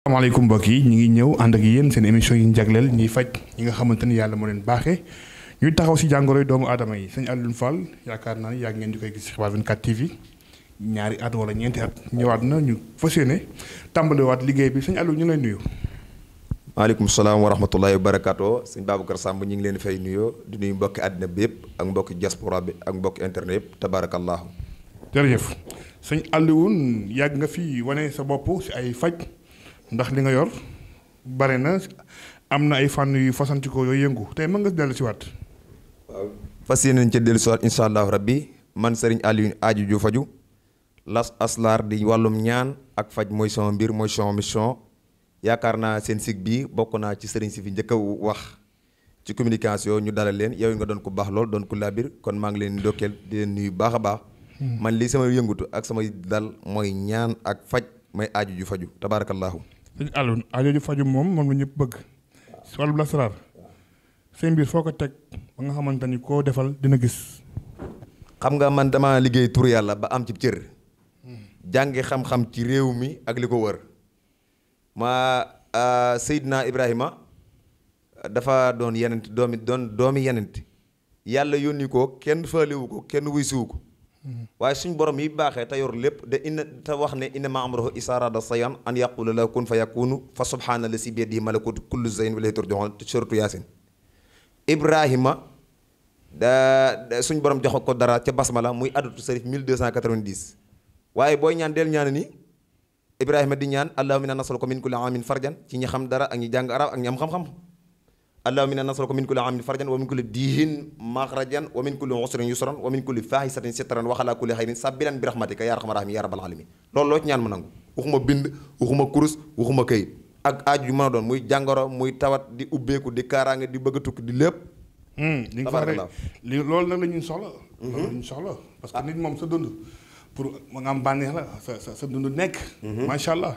asalaamaaleykum mbokk yi ñu ngi ñëw ànd ak yéen seen émission yu ñu jagleel ñuy faj ñi nga xamante ni yàlla moo leen baaxee ñuy taxaw si jàngoroy doomu aadama yi sëñ Alioune Fall yaakaar naa ne yàgg ngeen di koy gis Xibaar 24 ñaari at wala ñeenti at ñëwaat na ñu fas yéene tàmbaliwaat liggéey bi sëñ Alioune ñu lay nuyu. maaleykum salaam wa rahmatullahi wa barakaatu sëñ Babacar Samb ñu ngi leen fay nuyoo di nuyu mbokki àddina bi yëpp ak mbokki diaspora bi ak mbokki internet yëpp tabaarakallaahu. jërëjëf sëñ Alioune yàgg nga fi wane sa bopp si ay faj ndax li nga yor bare na am na ay fànn yu fasantikoo yooyu yëngu tey mën nga dellu si waat. waaw fas yéene nañ ca dellu si waat incha allahu rabbi man Serigne Alioune aaju ju faju las aslaar di wàllum ñaan ak faj mooy sama mbir mooy sama mission yaakaar naa seen sig bi bokk naa ci sëriñ si fi njëkk a wax ci communication ñu dalal leen yow nga doon ko baax lool doon ko laabir kon maa ngi leen di di leen nuyu baax a baax. Hmm. man lii sama yëngutu ak samay dal mooy ñaan ak faj may aju ju faju tabaarakallaahu sëñ Alioune aajo ju faju moom moom la ñëpp bëgg si wàllu lasaraar seen mbir foo ko teg ba nga xamante ni koo defal dina gis. xam nga man dama liggéey tur yàlla ba am ci cër jàngi xam-xam ci réew mi ak li ko wër ma naa Ibrahima dafa doon yenent doomi doon doomi yenent yàlla yónni ko kenn faalewu ko kenn wuysiwu ko waaye suñ borom yi baaxee te yor lépp da inna te wax ne innama amruhu isaarada sayan an yaqula la kun fa yakunu fa subhaana la si biyadihi malakutu kullu zayin wa ilayhi turjaun suratu yaasin ibrahima da suñ borom jox ko dara ca basmala muy addatu sarif 1290 waaye booy ñaan del ñaan ni ibrahima di ñaan a inna nasaluka min kulli amin farjan ci ñi xam dara ak ñi jàng arab ak ñi am xam-xam allahumma inna nas'aluka min kulli amin farjan wa min kulli dihin makhrajan wa min kulli usrin wa min kulli fahisatin sitran wa ala kulli khairin sabilan bi rahmatika ya arhamar rahim ya rabbal alamin loolu loo ci ñaan mu nangu waxuma bind waxuma kurus waxuma këyit ak aaju yu mën a doon muy jàngoro muy tawat di ubbeeku di kaaraange di bëgg a tukki di lépp hmm, li nga fa rek li loolu nag la soxla mhm. loolu la soxla parce que ah. nit moom sa dund pour ma nga am bànneex la sa sa sa dund nekk mhm. masha allah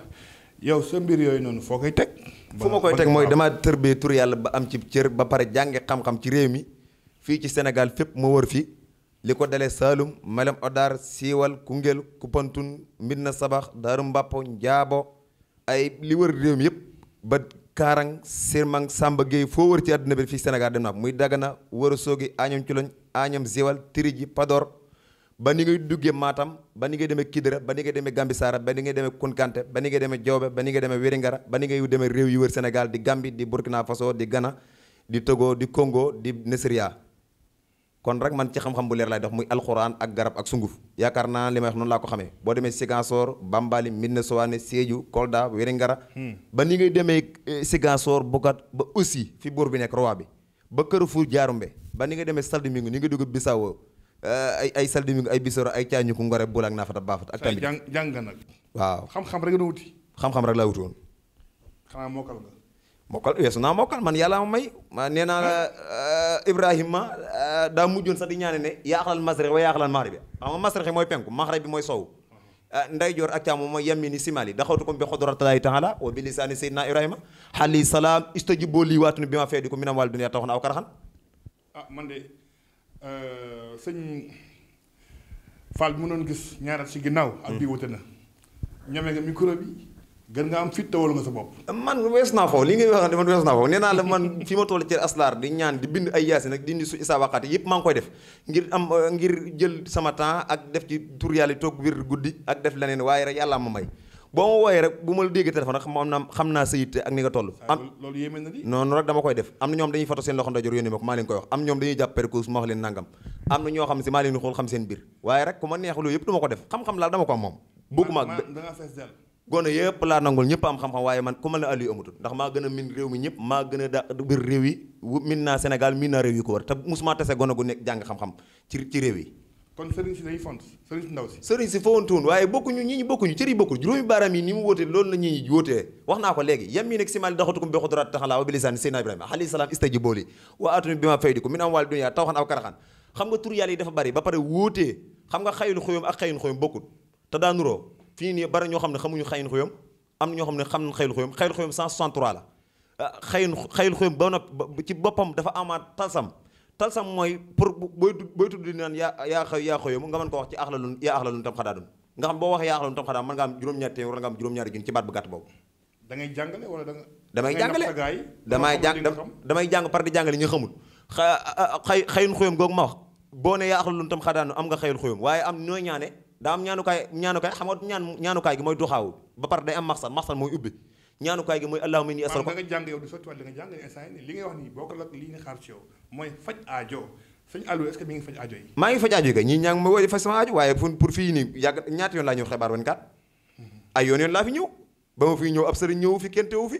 yow sa mbir yooyu noonu foo koy teg fu ma koy teg mooy dama tërbee tur yàlla ba am ci cër ba pare jànge xam-xam ci réew mi fii ci senegal fépp ma wër fii li ko dalee Saalum Malem Odar Siiwal Koungheul Koupantoum na Sabax Daaru Mbàppo Njaabo ay li wër réew mi yëpp ba Kaarang Sirmang Samba Gueye foo wër ci àdduna bi fii Sénégal dem naa muy Dagana war Soogi Añam Culoñ Añam Ziwal Tiriji Pador ba ni ngay duggee maatam ba ni ngay demee Kidira ba ni ngay demee Gambisara ba ni ngay demee Kunkante ba ni ngay demee Diobe ba ni ngay demee Wiringara ba ni ngay demee réew yu wër Sénégal di Gambie di Burkina Faso di Ghana di Togo di Congo di Nigeria kon rek man ci xam-xam bu leer laay dox muy alxuraan ak garab ak sunguf yaakaar naa li may wax noonu laa ko xamee boo demee Sigansor Bambali Médina Sowane Sédhiou Kolda Wiringara ba ni ngay demee Sigansor Bokat ba aussi fi buur bi nekk roi bi ba kër fu jaarumbe ba ni ngay demee Saldou Mingu ni nga dugg Bissau Euh, ay ay Saldiming ay Bisoro ay Caañu ko Ngore Bula ak Naafata Baafata ak tamit jàng jàng nag. waaw xam-xam rek la wuti. xam-xam rek laa wuti woon. xanaa mokkal nga. naa mokkal man yàlla ma may. ma nee naa la euh, Ibrahima euh, daa mujjoon sax di ñaane ne yaaxalal masrix wa yaaxalal maxrib xam nga masrix mooy penku maxrib bi mooy sow. ndeyjoor ak càmm mooy yamini simali daxawtu ko bi xodratalaahi taala wa bi lisaani seydina Ibrahima xali salaam istajibo lii waatuni bi ma fee di ko minam wàll dunya taxoon aw karaxan ah, Euh, sëñ Fall mu noonu gis ñaarat si ginnaaw. ak hmm. bii wute na. ñame nga micro bi. gën nga am fit te wala nga sa bopp. man wees naa foofu li nga wax man wees naa foofu nee naa la man fi ma toll ci aslaar di ñaan di bind ay yaasi nag dindi indi su isa waxaate yëpp maa ngi koy def ngir am ngir jël sama temps ak def ci tur yàlla toog biir guddi ak def leneen waaye rek yàlla ma may. boo ma wooyee rek bu ma la déggee téléphone rek moom naa xam naa sa yitte ak ni nga toll ah, na di noonu rek dama koy def am na ñoom dañuy foto seen loxo ko maa leen koy wax am ñoom dañuy jàpp percose ma wax rek ku ma neex loolu ko def xam-xam laa ko am moom bëgguma yëpp laa nangul ñëpp am xam-xam waaye man ku ma la Aliou amatul ndax maa a min réew ñëpp maa gën a da biir réew yi ko war te musuma tase gone gu nekk jàng xam-xam ci ci réew yi kon sëriñ si day font sëriñ si ndaw si sëriñ si fontoon waaye bokkuñu ñi ñu bokkuñu cër yi bokkul juróomi baaraam yi ni mu wóotee loolu la ñi ñu wóotee wax naa ko léegi yam mii neg simaali daxatukum bi xudrat taxalaa wa bilisaan seydina ibrahima alayhi salaam istaji booli wa atuni bi ma faydikum min am wal dunya tawxan aw karaxan xam nga tur yàlla yi dafa bari ba pare wóotee xam nga xayul xuyum ak xayun xuyum bokkul te daanuroo fii nii bari ñoo xam ne xamuñu xayun xuyum am na ñoo xam ne xam nañ xayul xuyum xayul xuyum 163 la xayun ah, xayul xuyum ba nopp ci boppam dafa amaat tasam talsam mooy pour booy booy tudd di naan yaa yaa xëy yaa wax ci axlalun yaa axlalun tam wax yaa axlalun tam xadaa mën nga am juróom-ñaari téeméer wala nga am juróom-ñaari junni ci baat bu gàtt boobu da ngay jàngale wala da nga damay jàngale damay jàng damay jàng par di jàngale ñu xamul xay xëyun xuyam googu ma wax boo ne yaa axlalun tam xadaanu am nga xëyun xuyam waaye am nooy ñaane daa am ñaanukaay ñaanukaay xam nga ñaan ñaanukaay gi mooy duxaawu ba par day am maxsal maxsal mooy ubbi ñaanukaay gi mooy allahumma inni as'aluka nga jàng yow du sotti wala nga jàng instant mooy faj aajo sëñ Aliou est-ce ngi faj aajo yi maa ngi faj aajo yi kay ñii ñaa ngi ma woo faj sama aajo pour fii nii yàgg ñaata yoon laa ñëw xibaar 24 mm-hmm. ay yoon yoon laa fi ñëw ba ma fi ñëw ab sëriñ ñëw fi kenn teewu fi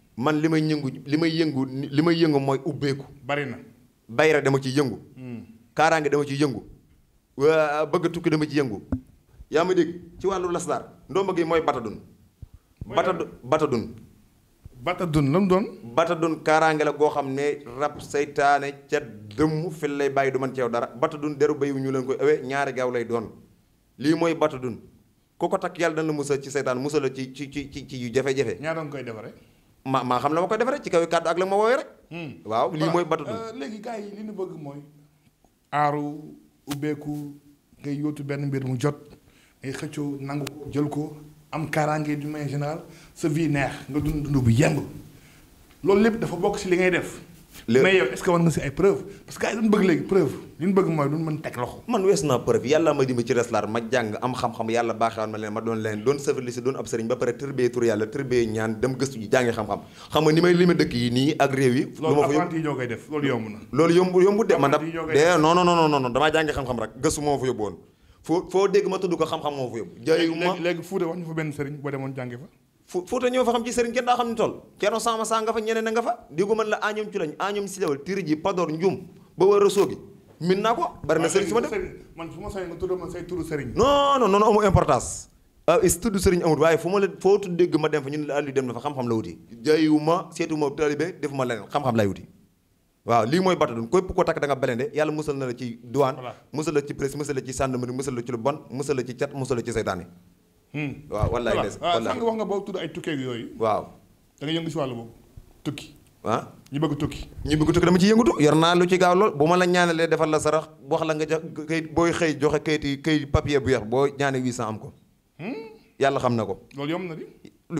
man li may ñëngu li may yëngu li may yëngu mooy ubbeeku. bari na bayra dama ci yëngu. Hmm. kaaraange dama ci yëngu. bëgg a tukki dama ci yëngu. yaa ma dégg ci wàllu lasdaar ndomba gi mooy batadun. batadun batadun. batadun la mu doon. batadun kaaraange la goo xam ne rab saytaane ca dëmm fi lay bàyyi du man ci yow dara batadun deru béy ñu leen koy ëwee ñaari gaaw lay doon. lii mooy batadun ku ko takk yàlla dana la musal ci saytaan musal la ci ci ci ci yu jafe-jafe. koy defaree. ma maa xam la ma koy defee ci kaw kàddu ak la ma woowee rek. Hmm. waaw lii mooy batatu. Euh, léegi gars yi li ñu bëgg mooy. aaru ubbeeku ngay yóotu benn mbir mu jot ngay xëccoo nangu jël ko am kaaraange du manière générale sa vie neex nga dund dund bu yemb loolu lépp dafa bokk si li ngay def. mais yow est-ce que war nga si ay preuve parce que ay duñ bëgg léegi preuve li bëgg mooy duñ mën teg loxo man wees naa preuve yàlla ma dimba ci reslaar ma jàng am xam-xam yàlla baaxewoon ma leen ma doon leen doon safali si doon ab sëriñ ba pare tërbee tur yàlla tërbee ñaan dem gëstu ji jàngi xam-xam xam nga ni may lime dëkk yi nii ak réew yi lu ma fa yóbbu ñoo koy loolu yóbbu woon foo ma tudd ko xam moo fa yóbbu Fuuta ñoo fa xam ci sëriñ kenn daa xam ni toll Ceerno Sama Sa nga fa ñeneen a nga fa digu mën la añoom ci lañ añoom si lewal tiri ji ba a soogi min naa ko bari waaye fu ma la foo tudd dégg ma dem fa ñun la àlli dem na fa xam-xam la wuti jayuma seetuma taalibe defuma leneen xam-xam lay wuti waaw lii mooy batadun képp ko takk da nga belende yàlla musal na la ci douane musal la ci presse musal la ci gendarmerie musal la ci lu bon musal la Hmm. waaw wallaay des ah, wallaay sànq wax nga boo tudd ay tukkee yooyu. waaw da nga yëngu si wàllu boobu tukki. ah ñu bëgg tukki. ñu bëgg tukki dama ci yëngutu yor naa lu ci gaaw lool bu ma la ñaanalee defal la sarax wax la nga jox kayit booy xëy joxe kayit yi kayit papier bu yar boo ñaanee 800 am ko. Hmm? yàlla xam na ko. loolu yomb na du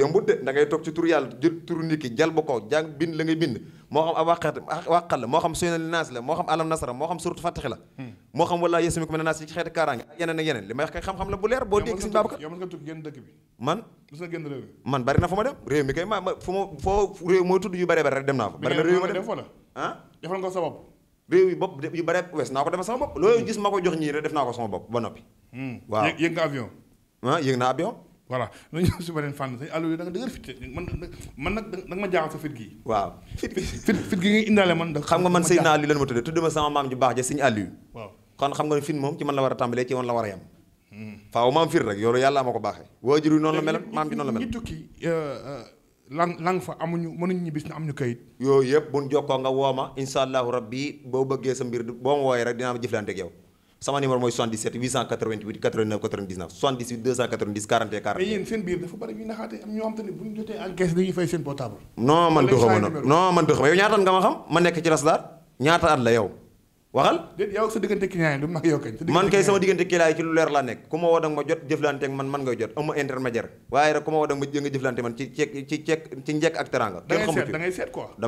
yombut de da ngay toog ci tur yàlla jël turu nit ki jal ba jàng bind la ngay bind moo xam ab wàqat wàqal la moo xam suy na naas la moo xam alam nasara moo xam surat fataxi la hmm. moo xam wala yesumi ko mën a naas ci la man bari na fu ma dem réew mi kay ma foo réew mooy tudd yu bëree bëri dem naa fa bari na réew ma dem ah yëg naa avion voilà na ñëw si beneen fànn sëñ Aliou da nga dëgër fit man man nag da nga ma jaaxal sa fit gi waaw fit fit fit gi ngay indaale man da xam nga man sëñ Aliou lan ma tudde tudde ma sama maam ju baax ja sëñ Aliou waaw kon xam nga fit moom ci man la war a tàmbalee ci man la war a yem hmm. faaw maam fit rek yoolu yàlla ma ko baaxee waajur yi noonu la mel maam ji noonu la mel ñi tukki euh, euh, lang lang fa amuñu mënuñ ñibbis na am ñu kayit yooyu yëpp buñ jokkoo nga woo ma insha allahu rabbi boo bëggee sa mbir boo wooyee rek dinaa ma jëflante ak sama numéro mooy 77 888 89 99 78 290 41 40. mais yéen seen biir dafa bari ñuy naxaate am ñoo xam te ne bu ñu jotee encaisse dañuy fay seen portable. non man doxuma noonu non man doxuma yow ñaata at nga ma xam ma nekk ci Lasdar ñaata at la yow. waxal déet yow sa diggante client yi du mag yow kañ man kay sama diggante client yi ci lu leer laa nekk ku ma woo da nga ma jot jëflante ak man man ngay jot amu intermédiaire waaye rek ku ma woo da nga man ci ceek ci ceek ci njekk ak teranga da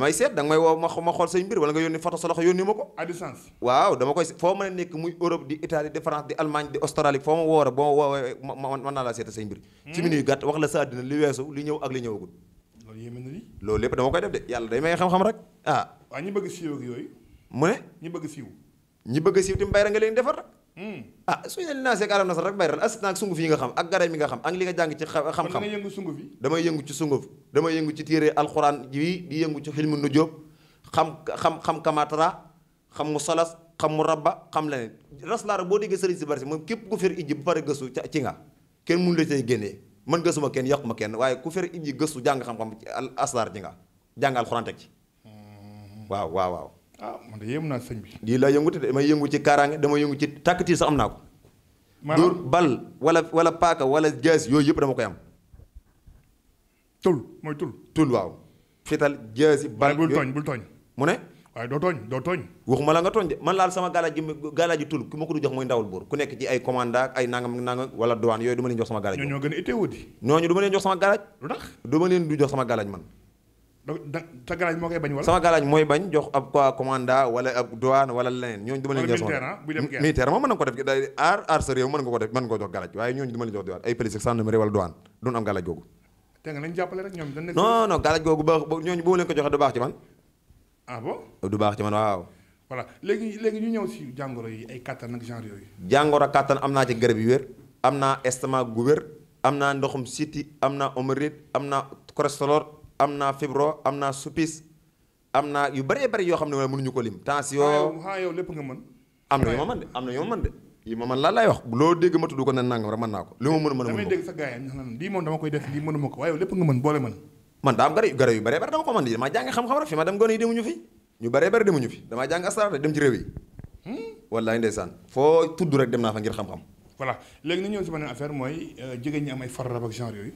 ma xool say mbir wala nga yónni photo sa loxo ma ko à waaw dama koy foo mën a nekk muy Europe di Italie di France di Allemagne di Australie foo ma woo boo ma woowee naa laa seeta say mbir hmm. ci minute gàtt wax la sa àddina li weesu li ñi bëgg a siiw tim bayra nga leen defar hmm. ah suñu ne naa seeg alam nasar rek bayral as naag sunguf yi nga xam ak garab yi nga xam ak li nga jàng ci xam-xam yëngu sunguf damay yëngu ci sunguf damay yëngu ci téere alxuraan yi di yëngu ci xilmu nujoob xam xam xam kamatara xam mu salas xam mu rabba xam leneen raslaara boo déggee sëriñ si bari si moom képp ku fer ijji bu pare gëstu ci nga kenn mun la cay génnee man gësuma kenn yàquma kenn waaye ku fer ijji gëstu jàng xam-xam aslaar ci nga jàng alxuraan teg ci hmm. waaw waaw waaw ah man de yéemu naa sëñ bi. lii laa yëngu te damay yëngu ci kaaraange damay yëngu ci tàkk tiir sax am naa ko. maanaam dóor bal wala wala paaka wala jaas yooyu yëpp dama koy am. tul mooy tul. tul waaw. fital jaasi bal bul tooñ bul tooñ. mu ne. waaye doo tooñ doo tooñ. waxuma la nga tooñ de man laal sama gaalaaji gaalaaji tul ku ma ko du jox mooy ndawal buur ku nekk ci ay commanda ay nangam nangam wala douane yooyu du leen jox sama ñoo ñoo gën a itteewoo di. ñooñu du galaaj. lu du ma leen du jox sama galaaj man da sa garage moo sama garage mooy bañ jox ab quoi commanda wala ab douane wala leneen ñooñ duma leen jox ah, militaire moom mën na ko def day aar aar sa réew mën nga ko def mën nga ko jox jàppale rek ñoom dañ nekk. non non garage googu ba baax ci man. ah bon du baax léegi ñu ñëw si jàngoro yi ay kattan ak genre yooyu. jàngoro kattan am naa ci garab yu wér am naa estomac gu wér am naa ndoxum siti am naa omerite am naa cholestérol am naa fibro am naa supis am naa yu bëree bëri yoo xam ne mënuñu ko lim. tension ah, ah, yow lépp nga mën. am na yu ma mën de am na yu ma mën de. yi ma man laa lay wax loo dégg ma tudd ko nan nangam rek mën naa ko li ma mën a mën a mën dégg sa gars yi lii moom dama koy def lii yu gara yu dama ko mën di damaa jàng xam hmm? foo tudd rek dem naa fa ngir xam-xam voilà léegi na ñëw si beneen affaire mooy euh, jigéen ñi am ay far rab ak genre yooyu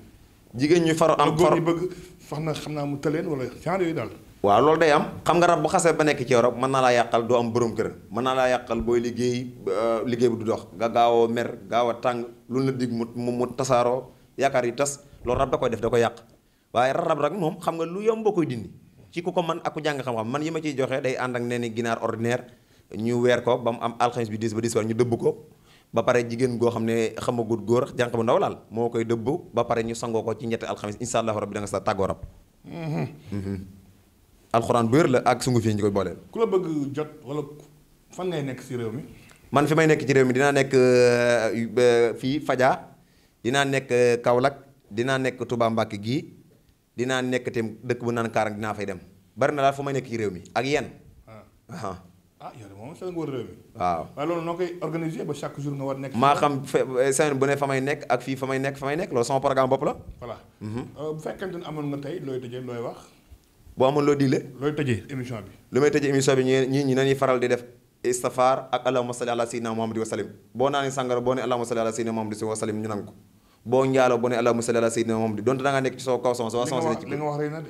jigéen ñu far am far fax na xam naa mu tëleen wala genre yooyu daal. waaw loolu day am xam nga rab bu xasee ba nekk ci yow rab mën naa laa yàqal doo am borom kër mën naa laa yàqal booy liggéey euh, liggéey bi du dox nga gaaw mer gaaw a tàng lu la dig mu mu tasaaroo yaakaar yi tas loolu rab da koy def da ko yàq waaye rab rek moom xam nga lu yomb koy dindi ci ku ko man ak ku jàng xam-xam man yi ma ciy joxee day ànd ak nee ne ginaar ordinaire ñu weer ko ba mu am alxames bi diis ba 10 ñu dëbb ko ba pare jigéen goo xam ne xamagut góor jànq bu ndaw laal moo koy dëbb ba pare ñu sangoo ko ci ñetti alxamis insha allahu rabbi da nga sa tàggoo rab mhm. Mhm. alxuraan bu wér la ak sungu fii ñu koy booleel. ku la bëgg jot wala fan ngay nekk ci réew mi. man fi may nekk ci réew mi dinaa nekk euh, euh, fii Fadia dinaa nekk euh, Kaolack dinaa nekk Touba Mbacké gii dinaa nekk dëkk bu naan Kaarang dinaa fay dem bari na daal fu may nekk ci réew mi ak yenn. Ah. ah yow de moom seen nguur réew mi. waaw waaye loolu noo koy organisé ba chaque jour nga war nekk. maa xam semaine bu ne fa may nekk ak fii fa may nekk fa may nekk loolu sama programme bopp la. voilà mhm. euh, bu fekkente nga tey looy tëjee looy wax. bi. lu may tëjee émission bi ñi faral di def. istighfar ak allahumma salli ala sayyidina muhammad wa salim boo naanee sàngara boo ne allahumma salli ala sayyidina muhammad wa salim ñu nangu ko boo njaalo boo ne allahumma salli ala sayyidina muhammad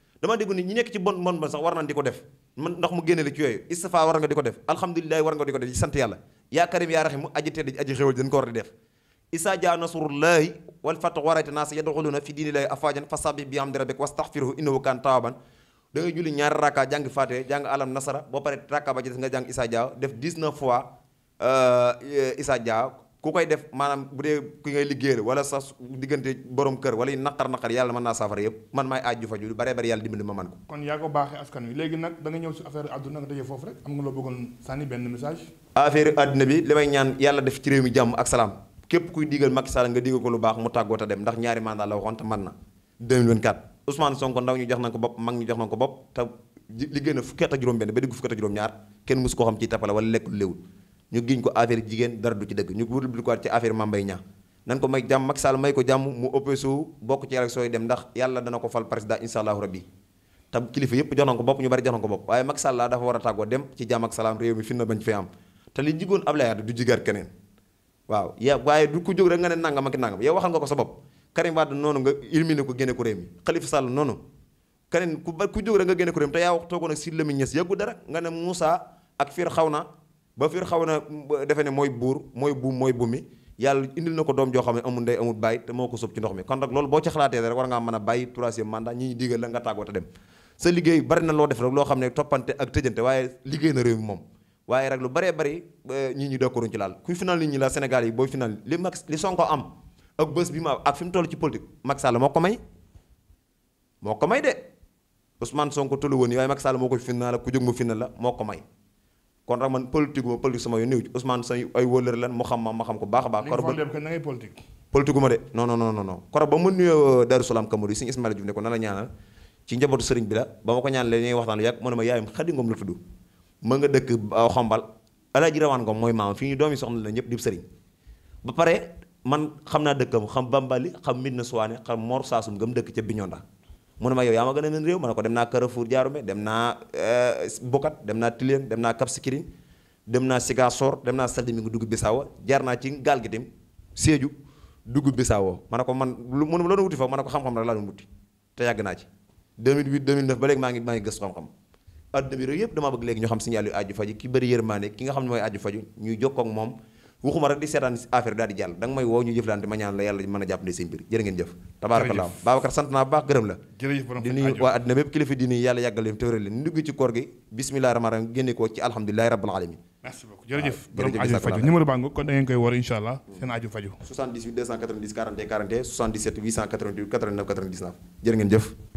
dama dégg ni ñi nekk ci bon bon ba sax war nañ di ko def man ndax mu génne la ci yooyu istifa war nga di ko def alhamdulilahi war nga di ko def ci sant yàlla yaa karim yaa raximu aji tedd aji xéwal dañ ko war di def isa ja nasrullahi bi hamdi rabbika wastaxfirhu innahu kaana tawwaban da ngay julli ñaari rakka jàng fatiha jàng alam nasara boo pare rakka ba ci nga jàng isa ja def 19 fois euh, isa ja ku koy def maanaam bu dee ki ngay liggéeyal wala sa diggante borom kër wala naqar naqar yàlla mën naa saafara yëpp man maay aaj ju faju lu bare bare yàlla dimbali ma man ko kon yaa ko baaxee askan wi léegi nag da nga ñëw si affaire àdduna nga tëjee foofu rek am nga loo bëggoon sànni benn message affaire àdduna bi li ñaan yàlla def ci réew mi jàmm ak salaam képp kuy digal Macky Sall nga digal ko lu baax mu tàggoo te dem ndax ñaari mandat la waxoon te man na 2024 Ousmane Sonko ndaw ñu jox nañ ko bopp mag ñu na fukki at ak juróom benn ba diggu fukki at ak juróom ci tapale wala lekkul léewul ñu giñ ko affaire jigéen dara du ci dëgg ñu wut bi ko ci affaire Mambay ñaa nan ko may jàmm Macky Sall may ko jàmm mu ëppee su bokk ci élection yi dem ndax yàlla dana ko fal président insha allahu rabbi te kilifa yëpp jox nañ ko bokk ñu bari jox nañ ko bopp waaye Macky Sall laa dafa war a tàggoo dem ci jàmm ak salaam réew mi fin na bañ fee am te li jigaat keneen waaw ya waaye du ko jóg rek nga ne nangam ak nangam yow waxal nga ko sa bopp Karim Wade noonu ko génne ko réew mi Khalifa Sall noonu keneen ku ba ku jóg rek nga ko réew te yaa wax toogoon ak Sidy Lamine Niass yàggu dara nga ne Moussa ak Firawna ba fiir xaw na defe ne mooy buur mooy buum mooy bumi yàlla indil na ko doom joo xam ne amul ndey amul bàyyi te moo ko sóob ci ndox mi kon nag loolu boo ci xalaatee rek war ngaa mën a bàyyi troisième mandat ñi ñu digal la nga tàggoo te dem sa liggéey bari na loo def rek loo xam ne toppante ak tëjante waaye liggéey na réew mi moom waaye rek lu baree bari ñii ñi dokkaruñ ci laal kuy final nit ñi la senegal yi booy final li Max li Sonko am ak bés bi mu ak fi mu toll ci politique Macky Sall moo ko may moo ko may de Ousmane Sonko tollu woon yi waaye Macky Sall moo ko final la ku jóg la moo ko may kon tax man politique ma politique sama yu néew Ousmane say ay wëllër lan mu xam ma ma xam ko baax baax. koro ba dem na ngay politique. politique ma de non non non non koro ba mu nuyoo euh, Darou Salaam Kambourou Serigne Ismaïla Diouf la ñaanal ci njabootu sëriñ bi la ba ma ko ñaanal léegi ñuy waxtaan yàgg mu ne ma yaayam Xadi Ngom la tudd nga dëkk euh, xombal alaaji rawaan ngom mooy maam fii ñu doomi soxna la ñëpp di sëriñ ba pare man xam naa dëkkam xam bambali xam mit na suwaane xam mor saasum gam dëkk ca biñonda mu ne ma yow yaa ma gën a mën réew ma ne ko dem naa Carrefour Diaroumé dem naa eh, Bokat dem naa Tilène dem naa Cap Skirring dem naa Ziguinchor dem naa Saly mi ngi dugg Bissau jaar naa ci gaal gi dem Sédhiou dugg Bissau ma a ko man lu mu la doon wuti fa ma ne ko xam-xam laa doon wuti te yàgg naa ci 2008 2009 ba léegi maa ngi maa ngi gëstu xam-xam adduna bi rek yëpp damaa bëgg léegi ñu xam Serigne Aliou Aji Faji ki bëri yërmande ki nga xam ne mooy Aji Faji ñuy jokkoo ak moom waxuma rek di seetaan affaire daal di jàll da may woo ñu jëflante ma ñaan la yàlla mën a jàppale seen mbir jërë ngeen jëf tabaarakallaa Babacar sant naa baax gërëm la di nuyu waa àddina bépp kilifa di nuyu yàlla yàggal leen tëwral leen ndugg ci koor gi bismillahi rahmaani génne ko ci alhamdulilahi rabbil alamin merci beaucoup jërëjëf borom aju faju numéro baa kon da koy wor incha allah seen aju faju 78 290 41 41 77 888 89 99 jërë